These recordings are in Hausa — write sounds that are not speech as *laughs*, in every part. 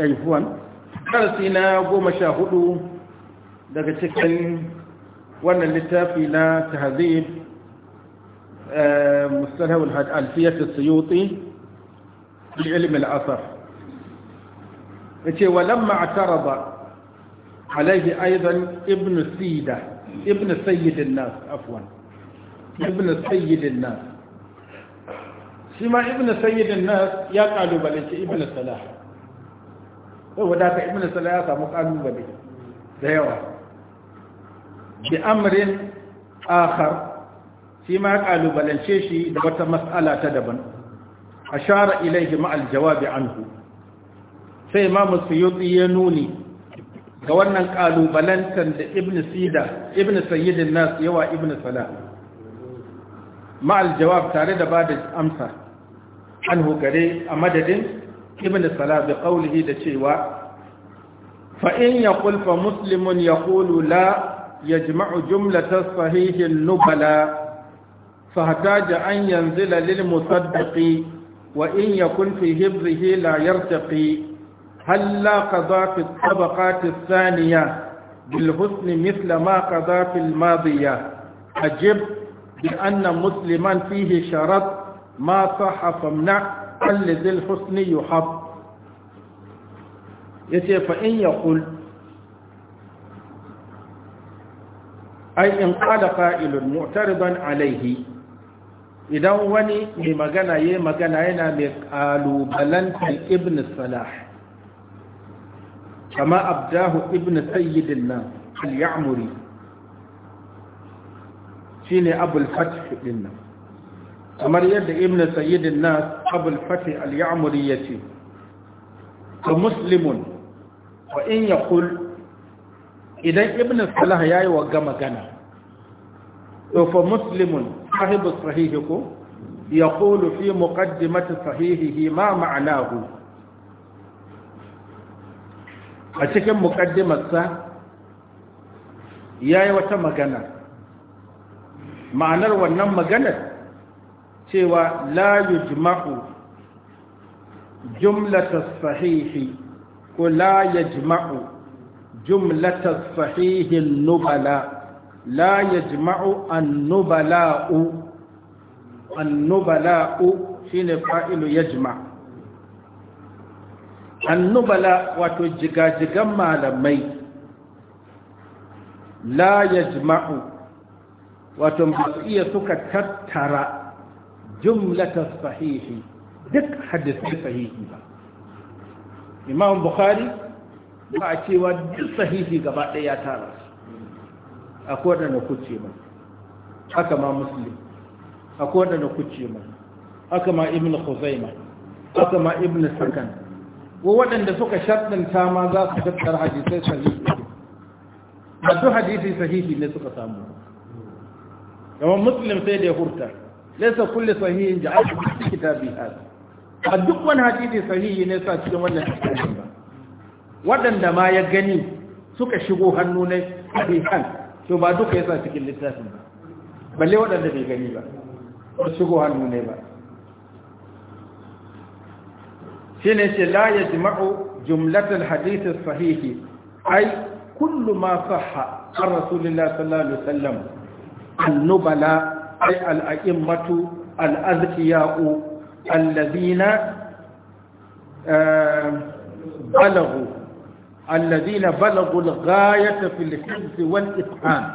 ayyukuwan darasi na goma sha hudu daga cikin wannan littafi na tahazib mustanawul alfiyatar suyuti fi ilimin asar ya ce walamma a tara ba alaihi aizan ibn sida ibn sayyidin nas afwan ibn sayyidin nas shi ma ibn sayyidin nas ya kalubalanci ibn salah saboda ka ibn sala ya samu kalubale da yawa bi amrin akhar shi ma kalubalance shi da wata mas'ala ta daban ashara ilayhi ma aljawabi anhu sai imam suyuti ya nuni ga wannan kalubalantan da ibn sida ibn sayyidin nas yawa ibn sala ma aljawab tare da bada amsa anhu gare a madadin ibn الصلاة بقوله qawlihi فإن cewa فمسلم يقول لا يجمع جملة الصحيح النبلا فهتاج أن ينزل للمصدق وإن يكن في هبره لا يرتقي هل لا قضى في الطبقات الثانية بالحسن مثل ما قضى في الماضية أجب بأن مسلما فيه شرط ما صح فامنع قل ذي الحسن يحب يتي فإن يقول أي إن قال قائل معترضا عليه إذا وني بمغانا يي مغانا ينا مقالو بلنك ابن الصلاح كما أبداه ابن سيد الناس اليعمري شيني أبو الفتح لنا أمر يد ابن سيد الناس abul fati al-ya'muri yace fa muslimun wa in ya yaqul idan ibn salah ya yi wa ga magana to fa muslimun sahibu sahihi ko yaqulu fi muqaddimati sahihihi ma ma'nahu a cikin muqaddimarsa yi wata magana ma'anar wannan maganar cewa la yujma'u jumlata sahihi ko la yajma'u jumlata sahihi nubala la yajma'u annubala'u annubala'u shine fa'ilu yajma annubala wato jigajigan malamai la yajma'u wato ba iya suka tattara jumlata sahihi duk hadisai sahihi ba imam bukhari ba a cewa duk sahihi gaba ɗaya ya tara a kowane kuce mai haka ma muslim a kowane kuce mai haka ma ibn khuzaima haka ma ibn sakan waɗanda suka shaddanta ma za su tattara hadisai sahihi Masu su hadisi sahihi ne suka samu kamar muslim sai da ya hurta laysa kullu sahihin ja'al fi kitabi hada a duk wani hadisi sahihi ne sa cikin wannan hadisin ba waɗanda ma ya gani suka shigo hannu ne hadisan to ba duka yasa cikin littafin ba balle waɗanda bai gani ba ba shigo hannu ne ba shine ce la yajma'u jumlatul hadith sahihi ai kullu ma sahha an rasulillah sallallahu alaihi wasallam annubala ai al'a'immatu al'azkiya'u allazina balagu allazina balagu al-ghayata wal itqan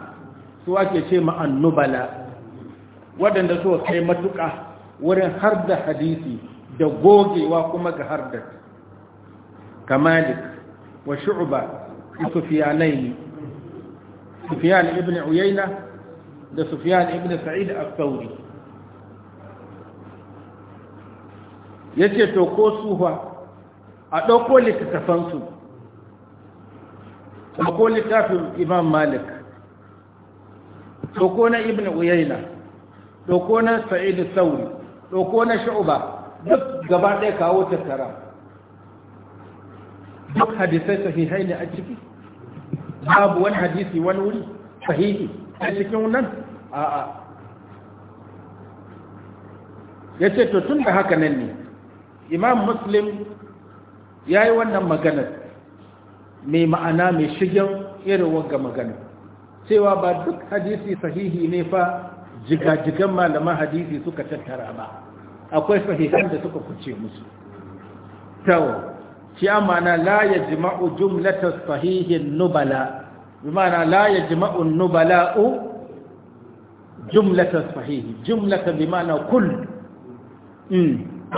su ake ce ma annubala wadanda su kai matuka wurin har da hadisi da gogewa kuma ga har da kamalik wa shu'ba sufyanaini sufyan ibn uyayna da sufyan ibn sa'id al-thawri yace to ko sufa a ɗauko littattafansu ko littafin imam malik To ko na ibn to ko na sa'id sauri ko na sha'uba duk gaba ɗaya kawo tattara duk hadisai sahihai ne a ciki babu wani hadisi wani wuri sahihi a cikin nan a'a ya ce to tun da haka nan ne imam muslim ya yi wannan maganar mai ma'ana mai shigen irin wagga magana cewa ba duk hadisi sahihi ne fa jigajigan malaman hadisi suka tattara ba akwai sahihan da suka kuce musu tawo shi amana la ya jima'u jumlatar sahihin nubala bimana ya jima'un nubala'u jumlatan sahihi jumlatan bimana kul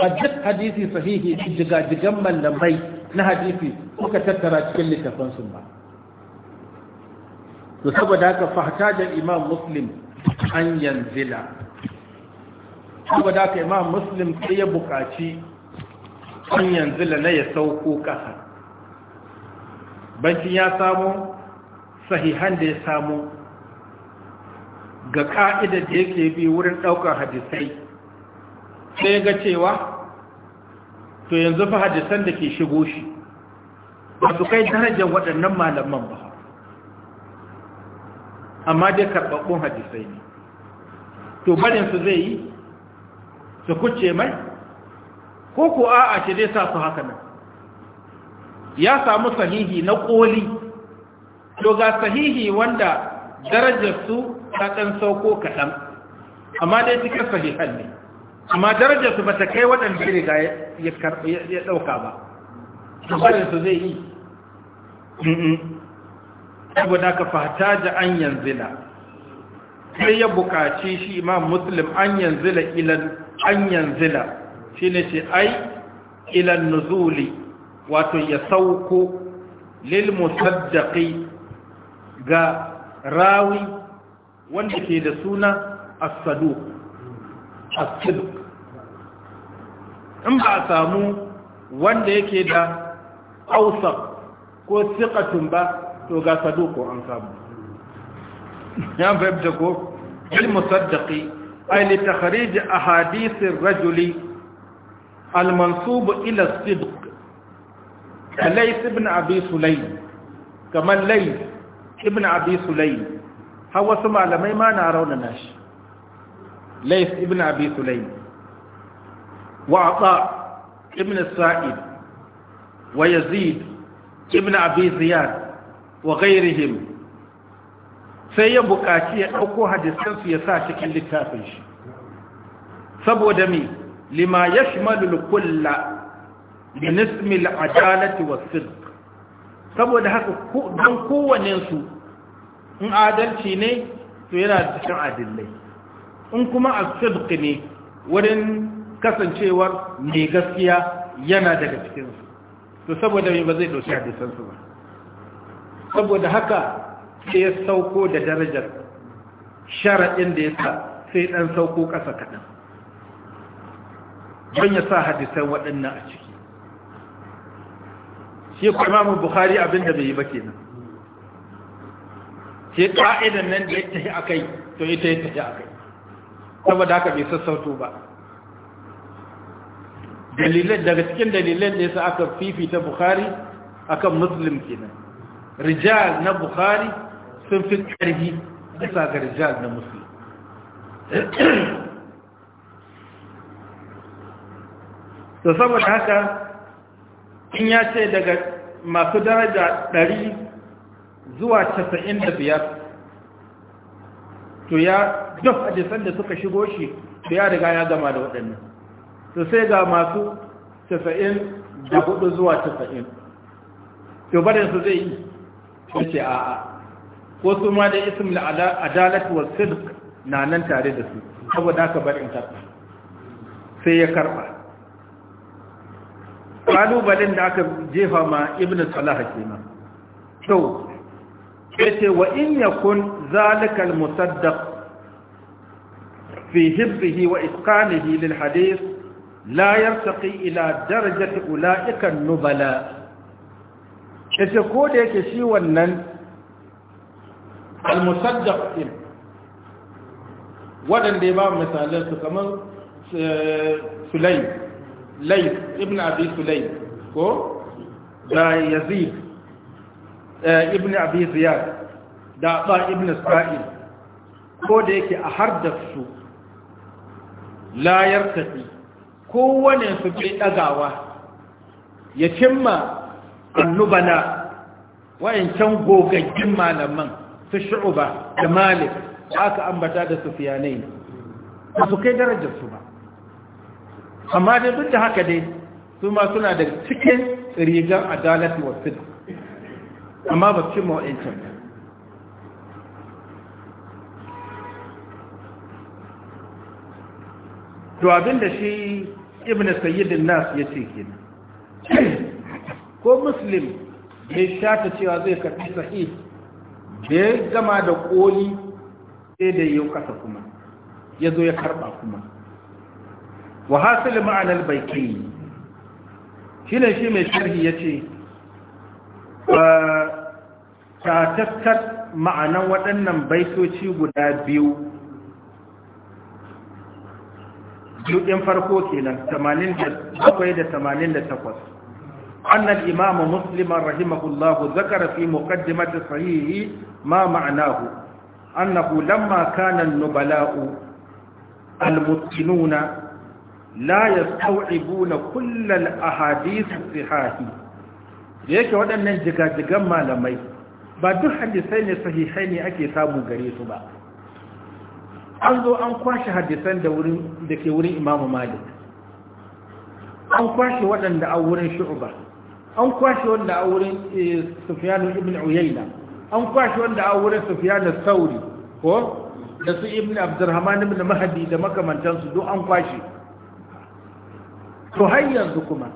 a duk hadisi sahihi su jiga jigajigan mallamai na hadisi suka tattara cikin littafan sun ba To saboda haka fahata da imam muslim an yanzila. saboda haka imam muslim sai ya bukaci hanyar zila na ya sauko ƙasa. bankin ya samu sahihan da ya samu ga ka'ida da yake bi wurin ɗaukar hadisai sai ga cewa to yanzu fa hadisan da ke shigo shi ba su kai darajar waɗannan malaman ba amma dai karɓaɓɓun hadisai ne to su zai yi su kuce mai ko ko a ce dai sa su haka nan ya samu sahihi na ƙoli to ga sahihi wanda darajarsu ta ɗan sauko kaɗan amma dai cikin sahihan ne amma darajarsu ba ta kai waɗanda riga ya ɗauka ba su zai yi saboda ka fata da an yanzila sai ya buƙaci shi imam muslim an yanzila ilan an yanzila shi ne ce ai ilan nuzuli wato ya sauko lil musaddaqi ga rawi wanda ke da suna as-saduq as-saduq in ba a samu wanda yake da ausar ko siƙatun ba to ga sadu ko an samu ya da ko ilmusaddaki aili ta hariji a hadisin rajuli almansubu ila sidq da lais ibn abi sulaim kamar lais ibn abi sulaym har wasu malamai ma na raunana shi Lais ibn abi sulaym wa ibn sa'id wa yazid ibn abi ziyad wa ghairihim sai ya bukaci ya ɗauko hadisansu ya sa cikin littafin shi saboda mi lima ya shimalul kulla min ismil adalati wa sirr saboda haka don su in adalci ne to yana cikin adillai in kuma asibiti ne wurin kasancewar mai gaskiya yana daga cikinsu to saboda mai ba zai ɗauki hadisansu ba saboda haka sai ya sauko da darajar sharaɗin da ya sa sai ɗan sauko ƙasa kaɗan don ya sa hadisan waɗannan a ciki shi ko imamu bukhari da bai yi ba kenan sai ka'idan nan da ya tafi akai to ita ya tafi akai saboda haka bai sassauto ba dalilan daga cikin dalilan da yasa aka fifita bukhari akan muslim kenan rijal na bukhari sun fi ƙarfi bisa ga rijal na muslim to saboda haka in ya ce daga masu daraja 100 zuwa 95 to ya duk hadisan da suka shigo shi to ya riga ya gama da waɗannan to sai ga masu 94 zuwa 90 to barin su zai yi ce a'a ko su ma da ism adalatu wa na nan tare da su saboda haka barin ta sai ya karɓa. kalubalen da aka jefa ma ibn salaha kenan to yace wa in yakun zalika al-musaddaq fi hibbihi wa itqanihi lil hadith la yartaqi ila darajati ulaika an-nubala yace ko da yake shi wannan al-musaddaq din wadanda ya ba misalan su kamar sulaiman Lai, ibn abi lai ko da yazid eh, ibn abi ziyad da ba ibn sa'id ko da yake a hardarsu layar tafi wane su bai ɗagawa ya cimma annubana wayancan gogaggin malaman su shu'uba da malik aka ambata da sufiyanai ba su kai darajarsu ba amma dai duk da haka dai su ma suna da cikin rigar adalati wa sidq amma ba su cimma wa'ancan ba abin da shi ibn sayyidin nas ya ce kenan ko muslim bai shata cewa zai karbi sahih bai gama da koli sai da yau kasa kuma ya zo ya karba kuma wa hasali ma'anar baikin shi ne shi mai sharhi ya ce ta taskar ma'anar waɗannan baitoci guda biyu duƙin farko kenan 87 da 88 an nan imamu musliman rahimahullahu zakara fi muqaddimati sahihi ma ma'anahu annahu lamma kana an-nubala'u al-muqsinuna la yastau'ibuna kullal ahadith sahihi yake waɗannan jigajigan malamai ba duk hadisai ne sahihai ne ake samu gare su ba an zo an kwashe hadisan da ke wurin imamu malik an kwashe waɗanda a wurin shu'ba an kwashe wanda a wurin eh, Sufiyanu ibn uyayna an kwashe wanda a wurin Sufiyanu sauri ko da su ibn abdurrahman ibn mahdi da makamantansu duk an kwashe to har yanzu kuma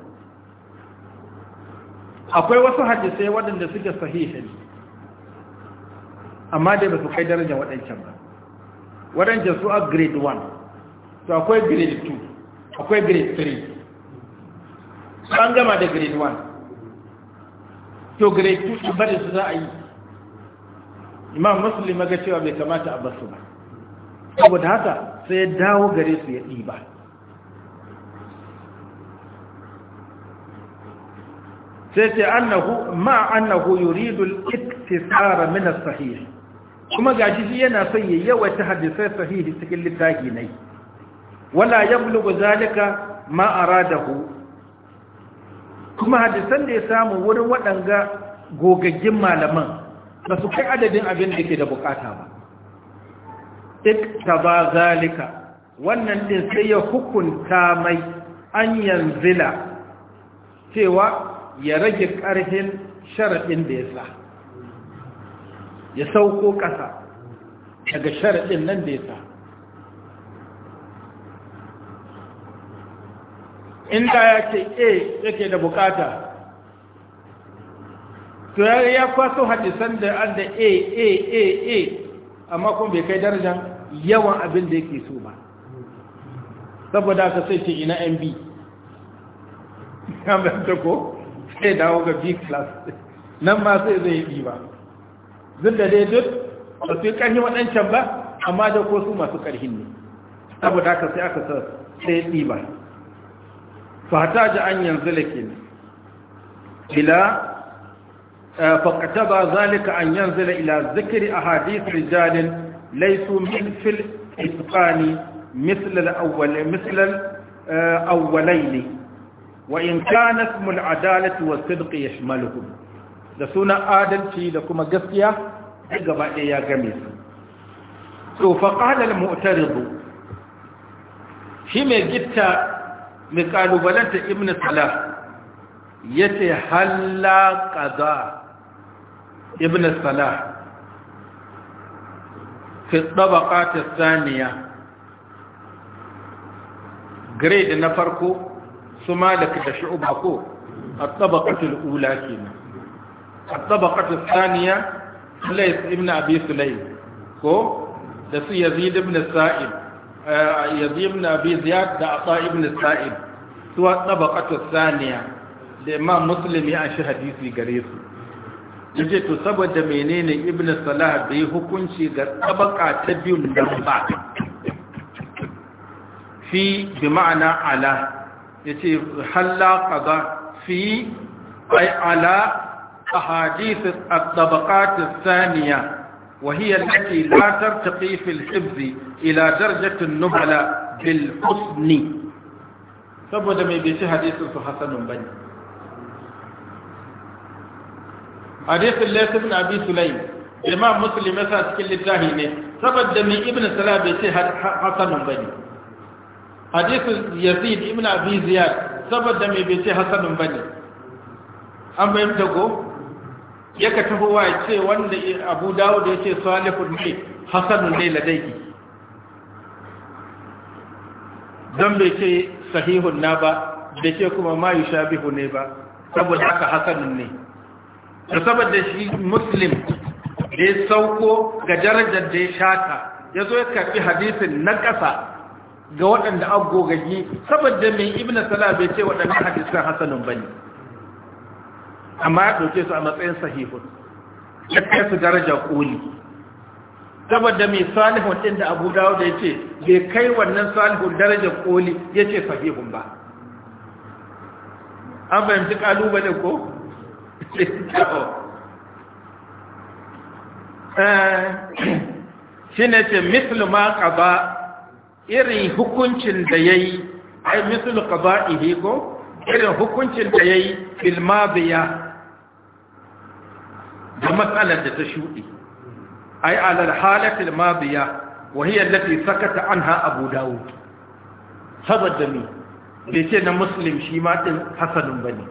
akwai wasu hadisai waɗanda suke sahihin amma dai ba su kai darajar waɗancan ba waɗancan su a grade 1 to akwai grade 2 akwai grade 3 an gama da grade 1 to grade 2 su bari su za a yi imam musulmi ga cewa bai kamata a basu ba saboda haka sai ya dawo gare su ya ɗi ba sai ce annahu ma annahu yuridu al-iktisara min as-sahih kuma gashi shi yana son ya yawaita hadisai sahihi cikin littafi ne wala yablugu zalika ma aradahu kuma hadisan da ya samu wurin waɗanga gogaggin malaman ba su kai adadin abin da ke da bukata ba iktaba zalika wannan din sai ya hukunta mai an yanzila cewa ya rage ƙarfin sharaɗin da ya sa ya sauko ƙasa daga sharaɗin nan da ya sa inda ya ce a eh, yake da bukata to ya kwaso hadisan da an da a a a a amma kuma bai kai darajar yawan abin da yake so ba saboda ka sai ce ina mb kamar ta ko sai dawo ga b class nan ma sai zai yi ba Zun da dai duk ba su yi ƙarfi waɗancan ba amma da ko su masu ƙarfi ne saboda haka sai aka sa sai yi ba fata ji an yanzu da ke ila eh, faƙata ba zalika an yanzu da ila zikiri a hadith rijalin laisu min fil isfani mislal eh, awwalai ne wa in kana ismul adalati was sidq da sunan adalci da kuma gaskiya gaba ɗaya ya game su to fa qala al mu'tarid shi mai gitta mai ƙalubalanta ibn salah yace halla qaza ibn salah fi tabaqat athaniya grade na farko ثم لك شعوب الطبقة الأولى كنا الطبقة الثانية ليس ابن أبي سليم كو دس يزيد بن السائب آه، يزيد بن أبي زياد دا أطاء ابن السائب سوى الطبقة الثانية لما مسلم يعشي حديثي قريب يجي تصب جمينين ابن صلاح دي حكمشي دا طبقة تبيو في بمعنى على yace halla qaza fi ay ala ahadith at-tabaqat ath-thaniya وهي التي لا ترتقي في الحفظ إلى درجة النبلاء بالحسن saboda mai bai ci hadisin su hasanun bane hadisin laifin ibn abi sulaim imam muslim yasa cikin littafi ne saboda mai ibn salah bai ci hasanun bane hadisin yazid ibn abi ziyad saboda mai bai ce ba ne, an bayan dago ya ka tafowa ya ce wanda abu dawo ya ce salihun ne hasanun ne ladaiki don bai ce sahihun na ba bai ce kuma ma yi shabihu ne ba saboda haka hasanun ne da saboda shi muslim da ya sauko ga darajar da ya shata ya zo ya karfi hadisin na ƙasa ga waɗanda agogaggi saboda mai ibn sala bai ce waɗannan hadisan hasanun ba ne amma ya ɗauke su a matsayin sahihun ya kai su daraja koli saboda mai salihu ɗin da abu dawo da ya ce bai kai wannan salihu daraja koli ya ce sahihu ba an fahimci ƙalubale ko? Eh, shi ne ce mislu ma ƙaba iri hukuncin da yayi ai mislu qada'ihi ko irin hukuncin da yayi yi madiya da matsalar da ta shudi ai alal halatil madiya wa hiya allati sakata anha abu dawo saboda me bai ce na muslim shi ma din hasanun bane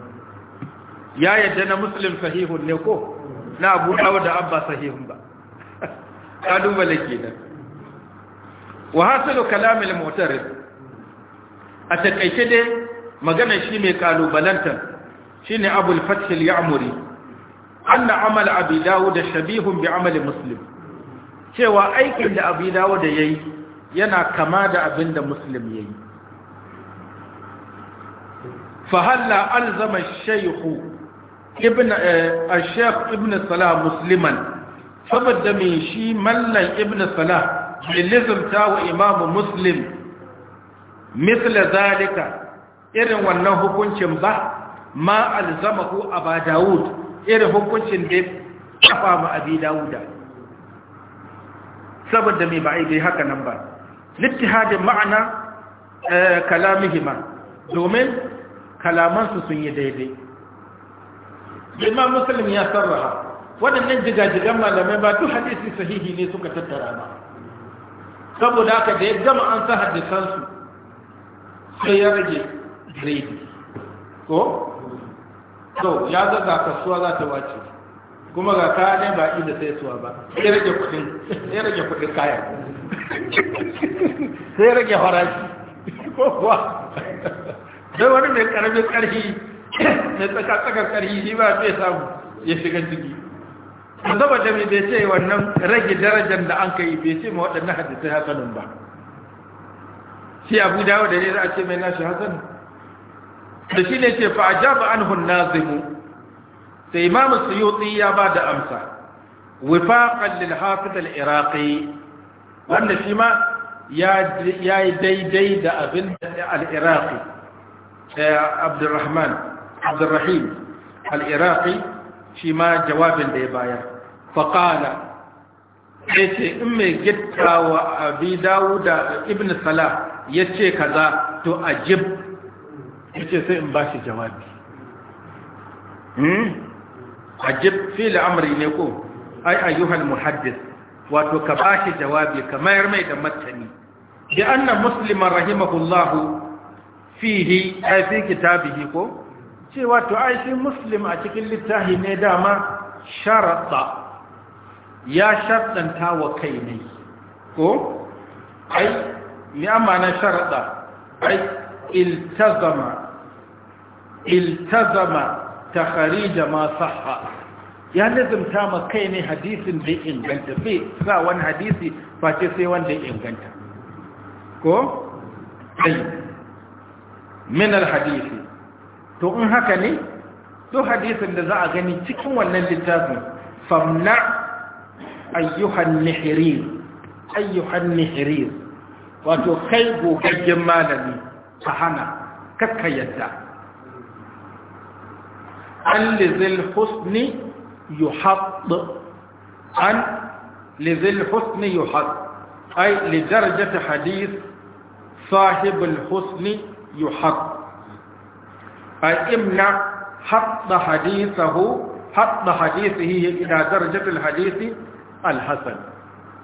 ya yadda na muslim sahihun ne ko na abu dawo da abba sahihun ba *laughs* ka duba lake nan wa hasilu kalamil mu'tarid a takaice dai magana shi mai kalubalanta shine abul fath al-ya'muri anna amal abi dawud shabihun bi amali muslim cewa aikin da abi dawud yayi yana kama da abin da muslim yayi fahalla alzama shaykhu ibn eh, al-shaykh ibn salah musliman saboda me shi mallan ibn salah bilizm ta wa imamu muslim misla zalika irin wannan hukuncin ba ma alzamahu aba dawud irin hukuncin da kafa ma abi dawuda saboda mai ba'i dai haka nan ba littihadin ma'ana eh, kalamihima domin kalamansu sun yi daidai imam muslim ya sarraha waɗannan jigajigan malamai ba duk hadisi sahihi ne suka tattara ba saboda haka da ya gama an sa hadisansu sai ya rage gredi ko so ya ga kasuwa za ta wace kuma ga kaya ne ba inda sai suwa ba sai rage kudin sai rage kudin kaya *laughs* sai rage farashi *laughs* ko kuwa sai wani mai karamin karfi mai tsaka karfi shi ba sai samu ya shiga ciki saboda mai bai ce wannan rage darajar da an kai bai ce ma waɗannan hadisai hasanun ba shi abu dawo da ne za a ce mai nashi hasan da shi ne ce fa an hunna Zimu sai yi suyuti ya ba da amsa wufa lil hafital al iraqi wanda shi ma ya yi daidai da abin da al iraqi eh, abdurrahman abdurrahim al iraqi shi ma jawabin da ya bayar faƙala ya ce in mai gitta wa abi dawuda ibn salah ya ce kaza to ajib ya ce sai in ba shi jawabi ajib fili amri ne ko ai ayyuhal muhaddis wato ka ba shi jawabi ka mayar mai da martani bi anna musliman rahimahullahu fihi ai fi kitabihi ko cewa to ai shi muslim a cikin littafi ne dama sharata ya sharɗanta wa kai ne ko ai Ni amana sharaɗa ai iltazama iltazama ta kharija ma sahha ya lazimta ma kai ne hadisin da inganta bai sa wani hadisi face sai wanda inganta ko ai min alhadisi to in haka ne to hadisin da za a gani cikin wannan littafin famna ايها النحرير ايها النحرير وتخيبوا كجمالا فهنا كك يدا الذي الحسن يحط أن لذي الحسن يحط أي لدرجة حديث صاحب الحسن يحط أي إمنا حط حديثه حط حديثه إلى درجة الحديث alhassan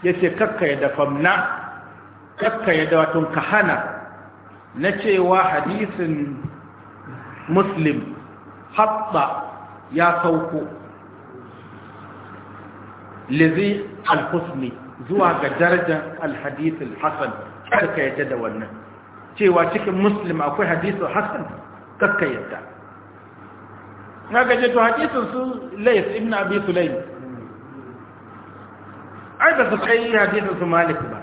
ya ce kakka ya famna? kakka ya dawatun kahana na cewa hadisin muslim haɓɓa ya sauko lizi alhusni zuwa ga darajar alhadisul hassan kakka yadda da wannan cewa cikin muslim akwai hadisul hassan kakka yadda na gaje to hadisun su lais ibn abi sulaim ai ba su kai hadisin su malik ba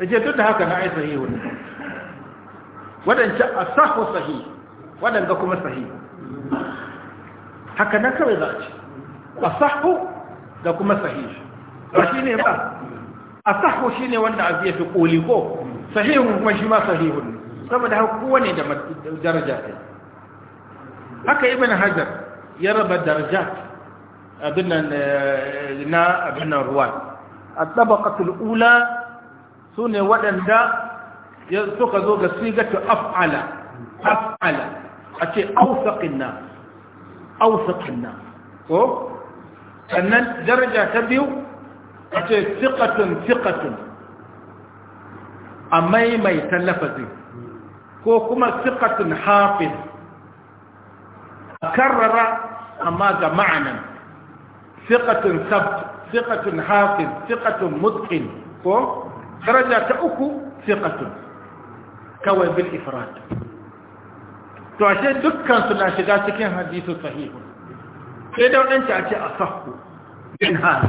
yace duk da haka na ai sahihu ne wadanda asahu sahih wadanda kuma sahih haka nan kawai za a ce asahu da kuma sahih ba shine ba asahu shine wanda abu ya fi koli ko sahihun kuma shi ma sahihun ne saboda haka kowane da daraja ne haka ibn hajar ya raba darajat abin nan na abin nan ruwan a tsabakatul ula su ne waɗanda ya suka zo ga sigatu af'ala af'ala a ce ausaƙin na ko sannan daraja ta biyu a ce sikatun sikatun a maimaita lafazi ko kuma sikatun hafin a karrara amma ga ma'anan thiqatun sabt thiqatun hafiz thiqatun mutqin ko daraja ta uku thiqatun kawai bil ifrad to ashe dukkan su na shiga cikin hadisi sahihu sai da wadanci a ce asahhu bin hal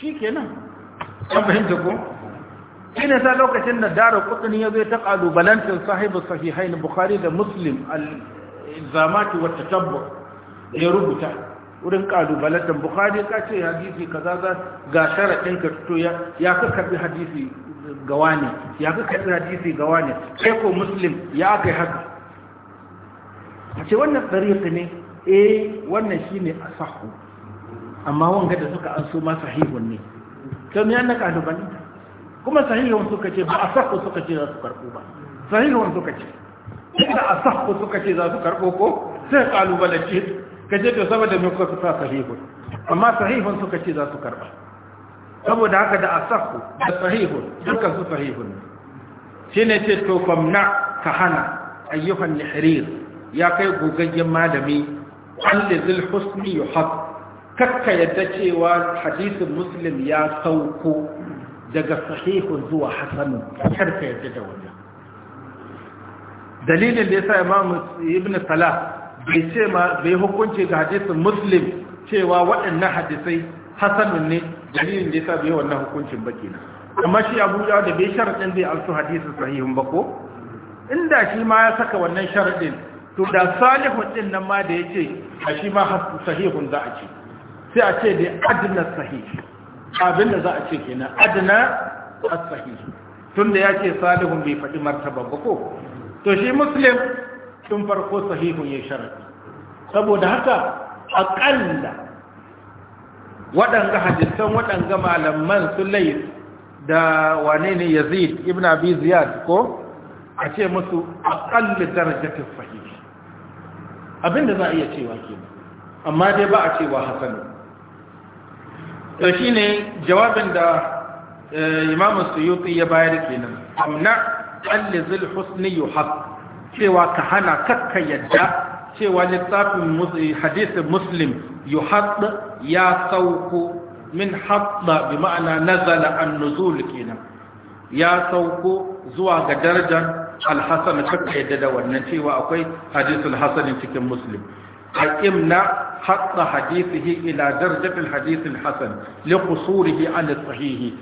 shikenan an fahimta ko shine sa lokacin da daru kutni ya zo ta kalubalantin sahibu sahihain bukhari da muslim al zamati wa ya rubuta wurin kalubalatan bukhari ka ce hadisi kaza za ga sharadin ka to ya ya ka karbi hadisi ga wani ya ka karbi hadisi ga wani sai ko muslim ya kai haka a ce wannan tsariƙi ne eh wannan shi a asahu amma wanga da suka an su ma sahihun ne to me annaka kalubalanta kuma sahihun suka ce ba asahu suka ce za su karbo ba sahihun suka ce da asahu suka ce za su karbo ko sai kalubalance ka ka zama da me kuka fita sahihun amma sahihun suka ce za su karba saboda haka da asahu da sahihun dukkan su sahihun shine ce to famna ka hana ayyukan nihrir ya kai gugaggen malami allazil husni yuhab kakka yadda cewa hadisin muslim ya sauko daga sahihun zuwa hasanun karka yadda da wannan dalilin da yasa imam ibn salah bai ce ma bai hukunci ga hadisin muslim cewa waɗannan hadisai hasanun ne dalilin da sa bai wannan hukuncin ba kenan amma shi Abu Dawud da bai sharadin zai alsu hadisin sahihun ba ko inda shi ma ya saka wannan sharaɗin to da salihun ɗin nan ma da ya ce, a shi ma sahihun za a ce sai a ce da adina sahih abin da za a ce kenan adina as-sahih ya ce salihun bai faɗi martaba ba ko to shi muslim tun farko sahihu ya sharafi saboda haka aƙalla waɗanga hadisan waɗanga malaman su da wane ne yazid ibn abi ziyad ko a ce musu aƙalla darajatin sahihi abinda za a iya cewa kenan amma dai ba a cewa hasanu to shine jawabin da eh, imamu suyuti ya bayar kenan amna alli zil husni yuhaq cewa ka hana kakka yadda cewa littafin hadisin muslim yuhadd ya sauko min hadda bi ma'ana nazala an nuzul kenan ya sauko zuwa ga darajar alhassan kakka yadda da wannan cewa akwai hadisin hasanin cikin muslim na haɗa hadisihi ila darajatul hadisul hasan liqusurihi an sahihi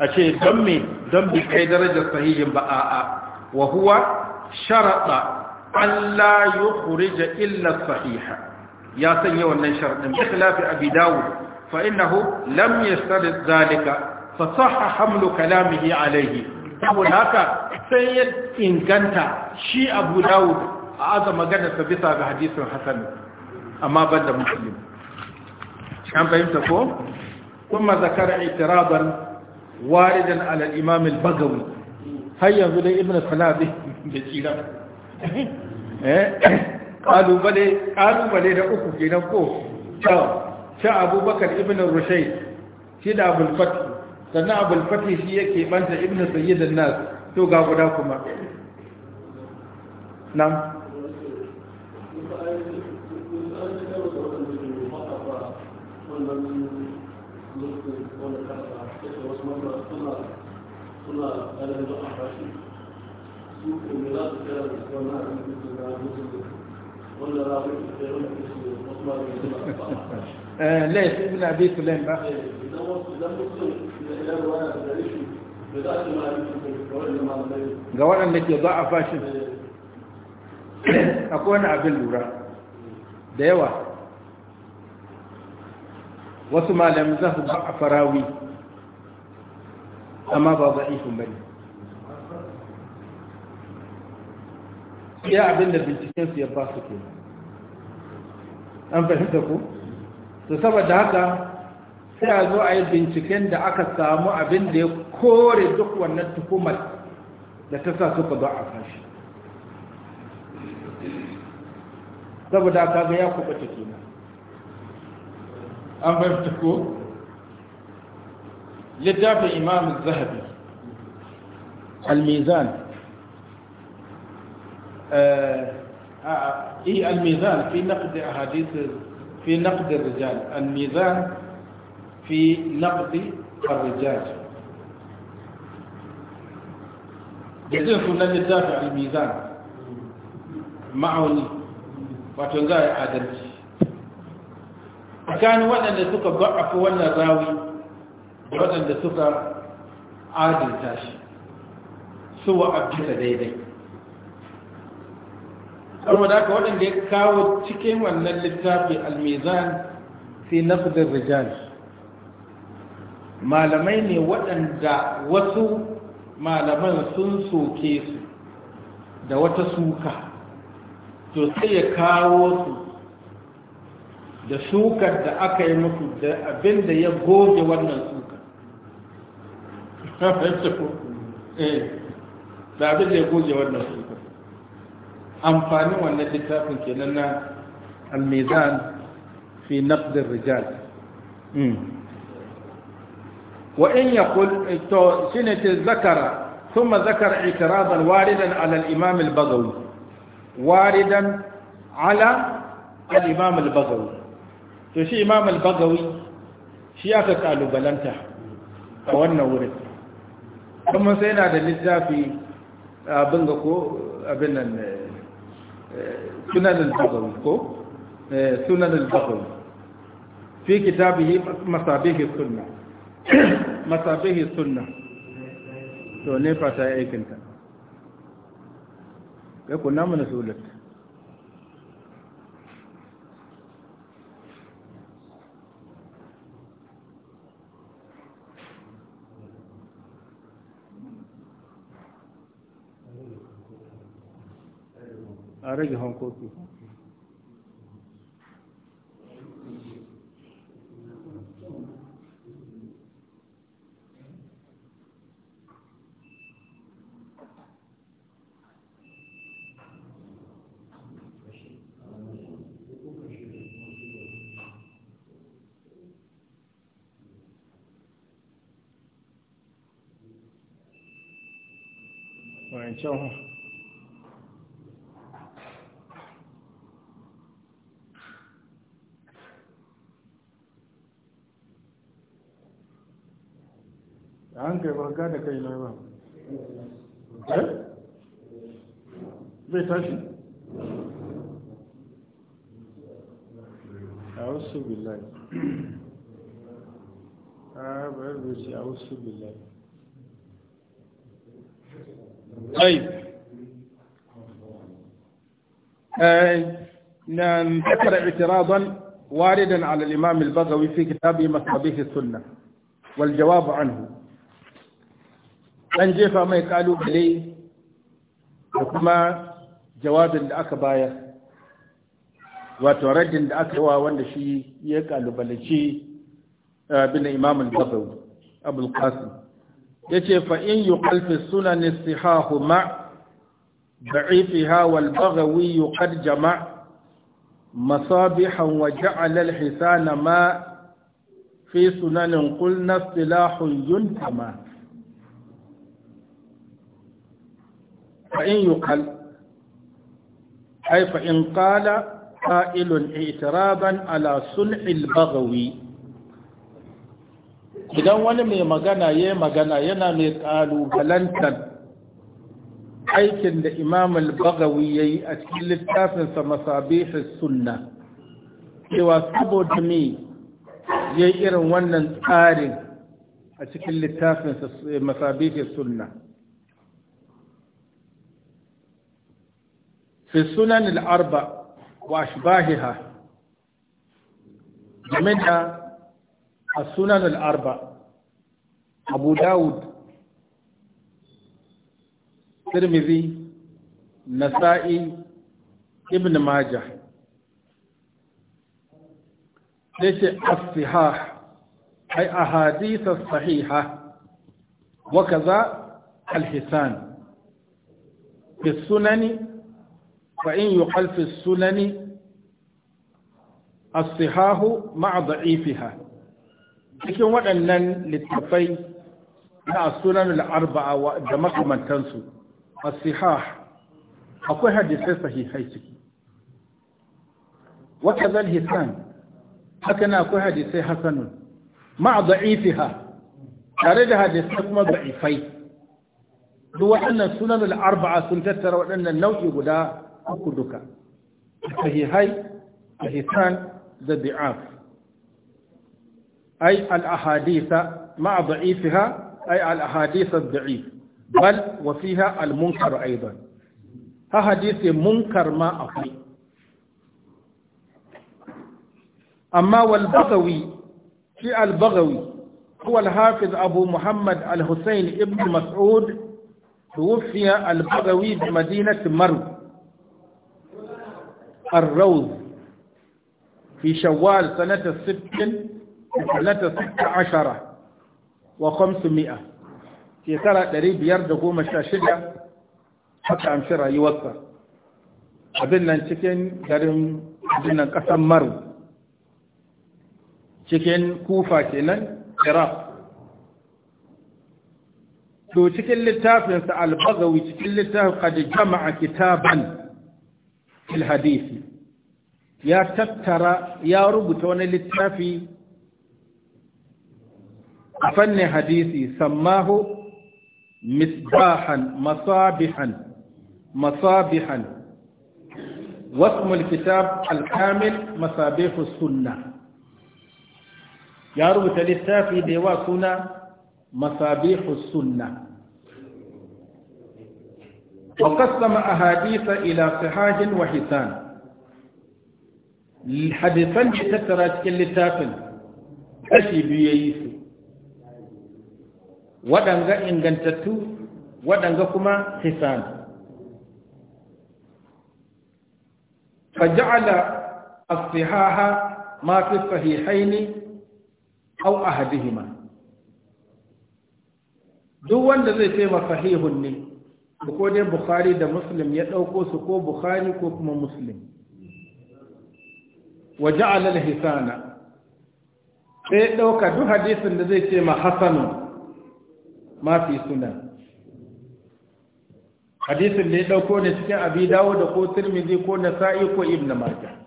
a ce don me don bi kai darajar sahihin ba a'a wa huwa sharada Allah yi kurija illa sahiha ya sanya wannan sharaɗin ikhlafi abi dawud fa zalika fa hamlu kalamihi alayhi saboda haka sai ya inganta shi abu bisa ga hadisin hasan amma zakara itiraban waridan har yanzu dai ibn salah da tsira ƙalubale eh, da uku nan ko Sha abubakar ibn rushai shi da abulfati sannan abulfati shi yake banta ibn sayyidin nas to ga guda kuma nan Thank you. suna ganin ba a fashi su kuma za su kira da suka na wanda za ke a eh. abin lura da yawa wasu malamai za su ba a farawi amma ba ba'ifin ba ne ya abin da bincikensu ya ba su ke an fahimta ku to saboda haka sai a zo a yi binciken da aka samu abin da ya kore duk wannan tukumar da ta sa suka zo a fashi saboda haka ga ya kuɓa ta an fahimta ku littafin imam zahabi al آه إيه الميزان في نقد أحاديث في نقد الرجال الميزان في نقد الرجال جزيلا كنا يدافع الميزان معوني وتنزاي عدد كان وانا اللي ضعف وانا راوي waɗanda suka adinta shi su wa daidai kuma da aka waɗanda ya kawo cikin wannan littafi almizan fi nafdin rijal malamai ne waɗanda wasu malaman sun soke su da wata suka to sai ya kawo su da sukar da aka yi musu da abin da ya goge wannan su فهمتكم ايه بعدين يجوز ولا انفاني ولا كتاب كنا الميزان في نقد الرجال وان يقول سنة ذكر ثم ذكر اعتراضا واردا على الامام البغوي واردا على الامام البغوي فشي امام البغوي شيخ قالوا بلنته فوانا ورد kuma sai na da littafi abin da ko abin nan eh, sunanin bakawi ko eh, sunanin bakawi fi kitabihi masabihi sunna *coughs* masabihi sunna to ne fata aikinta ya kunna mana sulata a rage hankoki wancan أعوذ بالله أعوذ بالله kai ba eh? billahi طيب نعم ذكر اعتراضا واردا على الإمام البغوي في كتابه مصابيح السنة والجواب عنه an jefa mai ƙalubale da kuma jawabin da aka bayar wato raddin da aka wa wanda shi ya kalubalanci eh, bin imamun gabawu abul ya ce fa'in yi kalfi sunan sihahu ma da'ifiha wal bagawi yi kad jama masabihan wa ja'alal hisana ma fi sunanin kulna silahun yuntama fa'in yuqal ai fa'in qala qa'ilun i'tiraban ala sun'il baghawi idan wani mai magana ya magana yana mai ƙalubalantar aikin da imam al-bagawi ya yi a cikin littafinsa masabihis sunna cewa saboda me ya yi irin wannan tsarin a cikin littafinsa masabihis sunna في السنن الأربع وأشباهها ومنها السنن الأربع أبو داود ترمذي نسائي ابن ماجه ليس الصحاح أي أحاديث الصحيحة وكذا الحسان في السنن فإن يقال في السنن الصحاه مع ضعيفها cikin waɗannan littattafai na sunan al'arba'a da makamantansu a sihah akwai hadisai sahihai ciki wata zal hisan haka na akwai hadisai hasanun ma'a da'ifiha tare da hadisai kuma da'ifai duk waɗannan sunan al'arba'a sun tattara waɗannan nau'i guda uku duka sahihai sahihan da bi'af ay al-ahaditha ma'a da'ifiha ay al-ahaditha da'if bal wa fiha al-munkar aidan ha hadisi munkar ma akwai amma wal bagawi fi al bagawi هو الحافظ أبو محمد الحسين ابن مسعود توفي البغوي بمدينة مرو الروض في شوال سنة ست سنة ست عشرة وخمسمائة في ترى قريب يرجع مشاشدة حتى أمشرها يوصل abin nan cikin garin abin nan ƙasar maru cikin kufa kenan iraq to cikin littafinsa albagawi cikin littafin kad jama'a kitaban fil hadithi ya tattara ya rubuta wani littafi a fannin hadithi sammahu misbahan masabihan masabihan wasu kitab alkamil masabihu sunna ya rubuta littafi da yawa suna masabihu sunna وقسم أحاديث إلى صحاح وحسان hadisan da tara cikin littafin kashi biyu waɗanga ingantattu waɗanga kuma hisan faja'ala as masu ma fi hau aw ahadihima duk wanda zai ce ma sahihun ne ko dai bukhari da muslim ya ɗauko su ko bukhari ko kuma muslim wa ja'ala al-hisana sai ɗauka duk hadisin da zai ce ma hasanu ma fi suna hadisin da ya ɗauko ne cikin abi dawo da ko tirmidhi ko nasa'i ko ibn majah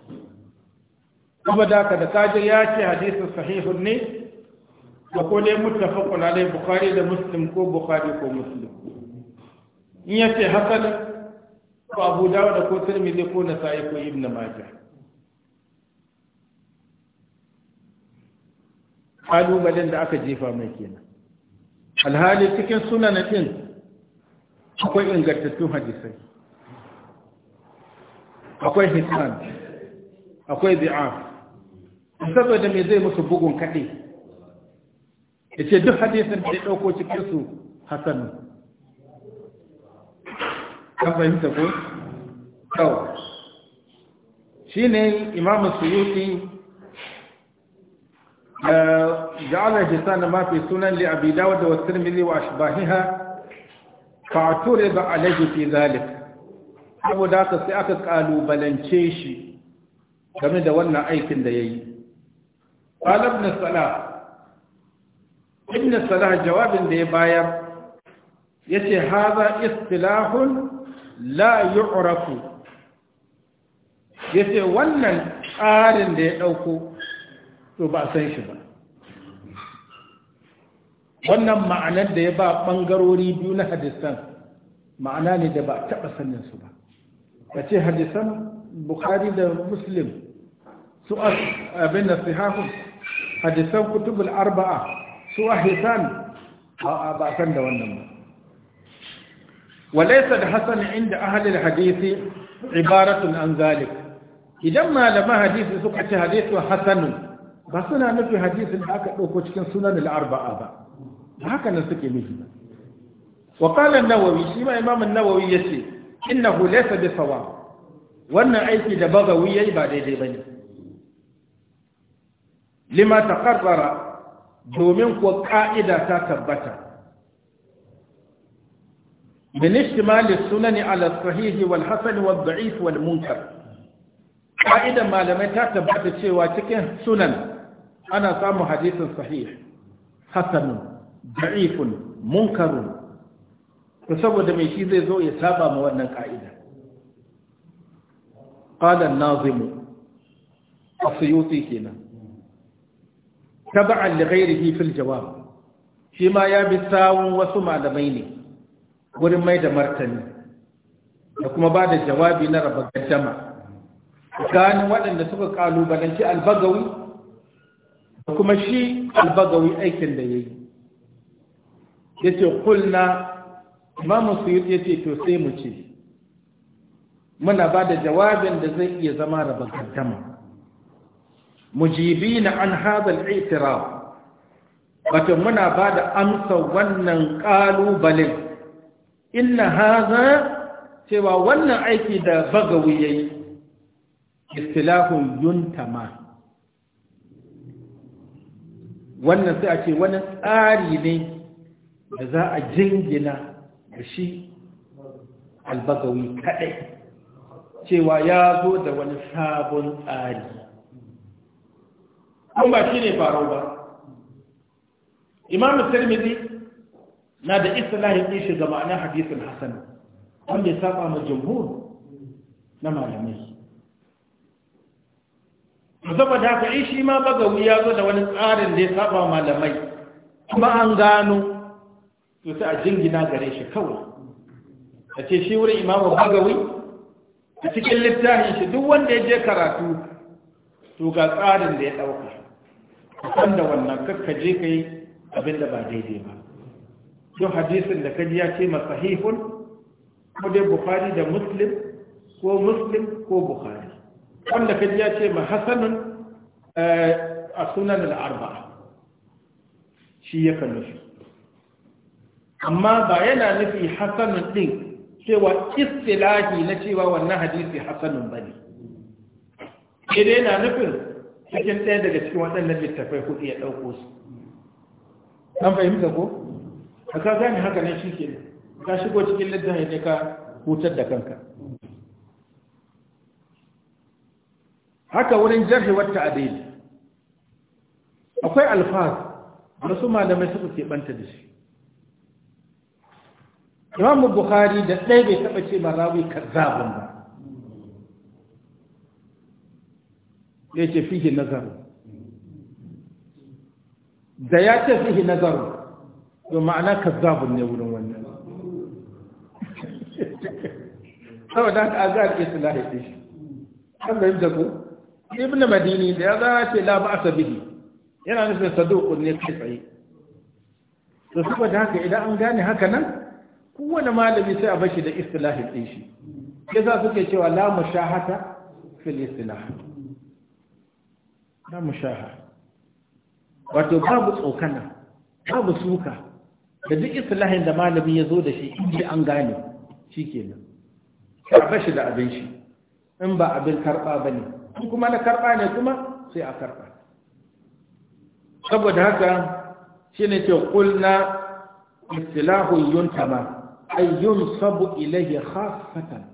kuma da ka da kaje ya ce hadisin sahihun ne ko dai muttafaqun alai bukhari da muslim ko bukhari ko muslim in ya ce hasan ko abu da ko tirmidhi ko sa'i ko ibn majah kalubalen da aka jefa mai kenan alhali cikin sunanatin akwai ingantattun hadisai akwai hisan akwai bi'af saboda me zai musu bugun kaɗe ya ce duk hadisin da ya ɗauko cikinsu hasanu ka fahimta ko kawo shi ne imamu suyuti eh, ja'ala jisa na mafi sunan li'abida da wasu mili wa ashbahiha ka a ture ba a lajifi zalif abu da aka sai aka kalubalance shi game da wannan aikin da ya yi ƙwalab na tsala ƙin tsala jawabin da ya bayar ya ce haza istilahun la yu'rafu yace wannan tsarin da ya dauko to ba san shi ba wannan ma'anar da ya ba bangarori biyu na hadisan ma'ana ne da ba taba sanin su ba kace hadisan bukhari da muslim su abin da sahihun hadisan kutubul arba'a su ahisan ba san da wannan ba walaysa da hasan inda ahli hadisi ibaratun an idan malaman hadisi suka ce hadisi hasanun ba suna nufi hadisin da aka ɗauko cikin sunan al-arba'a ba ba haka nan suke nufi ba nawawi shi ma imam an-nawawi yace innahu laysa bi sawab wannan aiki da bagawi yayi ba daidai ba ne. lima taqarrara domin kuwa ƙa'ida ta tabbata min ishtimal as-sunan ala as-sahih wal munkar ka'idan malamai ta tabbata cewa cikin sunan ana samun hadisin sahih hasanun da'ifun munkarun to saboda mai shi zai zo ya saba ma wannan ka'ida qala an-nazimu as-suyuti kenan tab'an li ghayrihi fil jawab Shima ya bi sawun wasu malamai ne wurin mai da martani da kuma ba da jawabi na raba gaddama tsakanin waɗanda suka kalubalanci albagawi da kuma shi albagawi aikin da ya yi ya ce kulna imamu yi ya ce to sai mu ce muna ba da jawabin da zai iya zama raba gaddama na an haɗa itiraf wato muna ba da amsa wannan ƙalubalen inna haza cewa wannan aiki da bagawi ya yi istilahun yuntama wannan sai a ce wani tsari ne da za a jingina da shi albagawi kaɗai cewa ya zo da wani sabon tsari kuma ba shi ne farau ba imamu tirmidhi na da istilahin ɗin shi ga ma'ana hadisin hasan wanda ya saba ma jumhur na malamai saboda haka in shi ma bagawi ya zo da wani tsarin da ya saba malamai kuma an gano to sai a jingina gare shi kawai a ce shi wurin imamu bagawi a cikin littafin shi duk wanda ya je karatu to ga tsarin da ya ɗauka kan da wannan ka kai abin da ba daidai ba don hadisin da kaji ya ce masahihun ko dai bukhari da muslim ko muslim ko bukhari wanda kaji ya ce ma hasanun eh, a sunan al'arba shi ya kan nufi amma ba yana nufi hasanun ɗin cewa istilahi na cewa wannan hadisi hasanun ba ne idan na nufin cikin ɗaya daga cikin waɗannan littafai kuɗi ya ɗauko su an fahimta ko? a ka gane haka ne shi ke ka shigo cikin littafi ne ka hutar da kanka haka wurin jarhi wata adil akwai alfaz da su malamai suka keɓanta da shi imamu bukhari da ɗaya bai taɓa ce ma rawi kazzabin ba ya ce fihi nazaru da ya ce fihi nazaru to ma'ana kazzabun ne wurin wannan saboda haka azar ke su lahifi shi kan bayan da ku ibn madini da ya za ce labu asa bihi yana nufin saduqun ne kai tsaye to saboda haka idan an gane haka nan kowane malami sai a bashi da istilahi ɗin shi ya za suke cewa lamu shahata fil istilah Lamu shaha. wato babu tsokana babu suka da duk islahin da malamin ya zo da shi inji an gane shi kenan karɓa shi da abin shi in ba abin karɓa ba ne in kuma na karɓa ne kuma sai a karɓa saboda haka shi ne ce ƙulna istilahun yuntama ay sabu ilahi hafata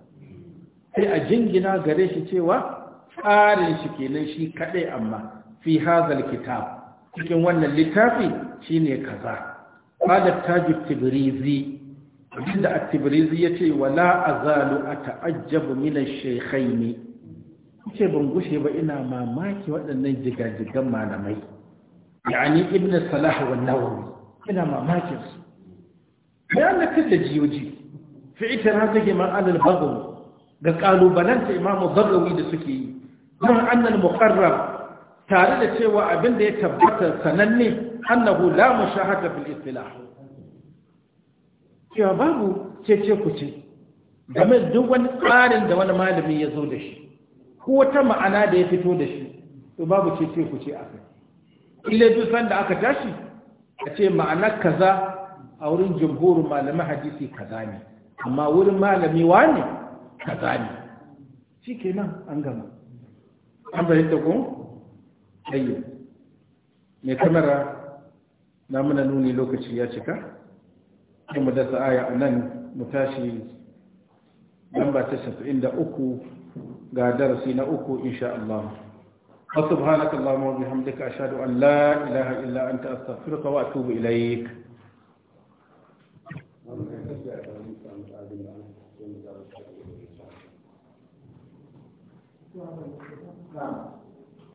sai a jingina gare shi cewa tsarin shi kenan shi kaɗai amma fi hazal kitab cikin wannan littafi shi ne kaza قال التاج التبريزي عند التبريزي يتي ولا أزال أتعجب من الشيخين ce ban gushe ba ina mamaki waɗannan jigajigan malamai yani ibn salah wa nawawi ina mamakin su bayan da kada jiyoji fi itirazihi man alal baghl ga kalubalanta imam bagawi da suke yi man annal muqarrab tare da cewa abin da ya tabbatar sananne annahu la mushahada fil istilah cewa babu cece ku ce game da duk wani tsarin da wani malami ya zo da shi ko wata ma'ana da ya fito da shi to babu cece ku ce aka ile duk sanda aka tashi a ce ma'ana kaza a wurin jumhurin malamin hadisi kaza ne amma wurin malami wane kaza ne shi an gama an fahimta ko ayyo mai kamara na muna nuni lokaci ya cika sai mu dasa aya a nan mu tashi lamba ta shafa'in da uku ga darasi na uku insha Allah وسبحانك اللهم وبحمدك أشهد أن illa an إلا أنت أستغفرك وأتوب إليك Thank you.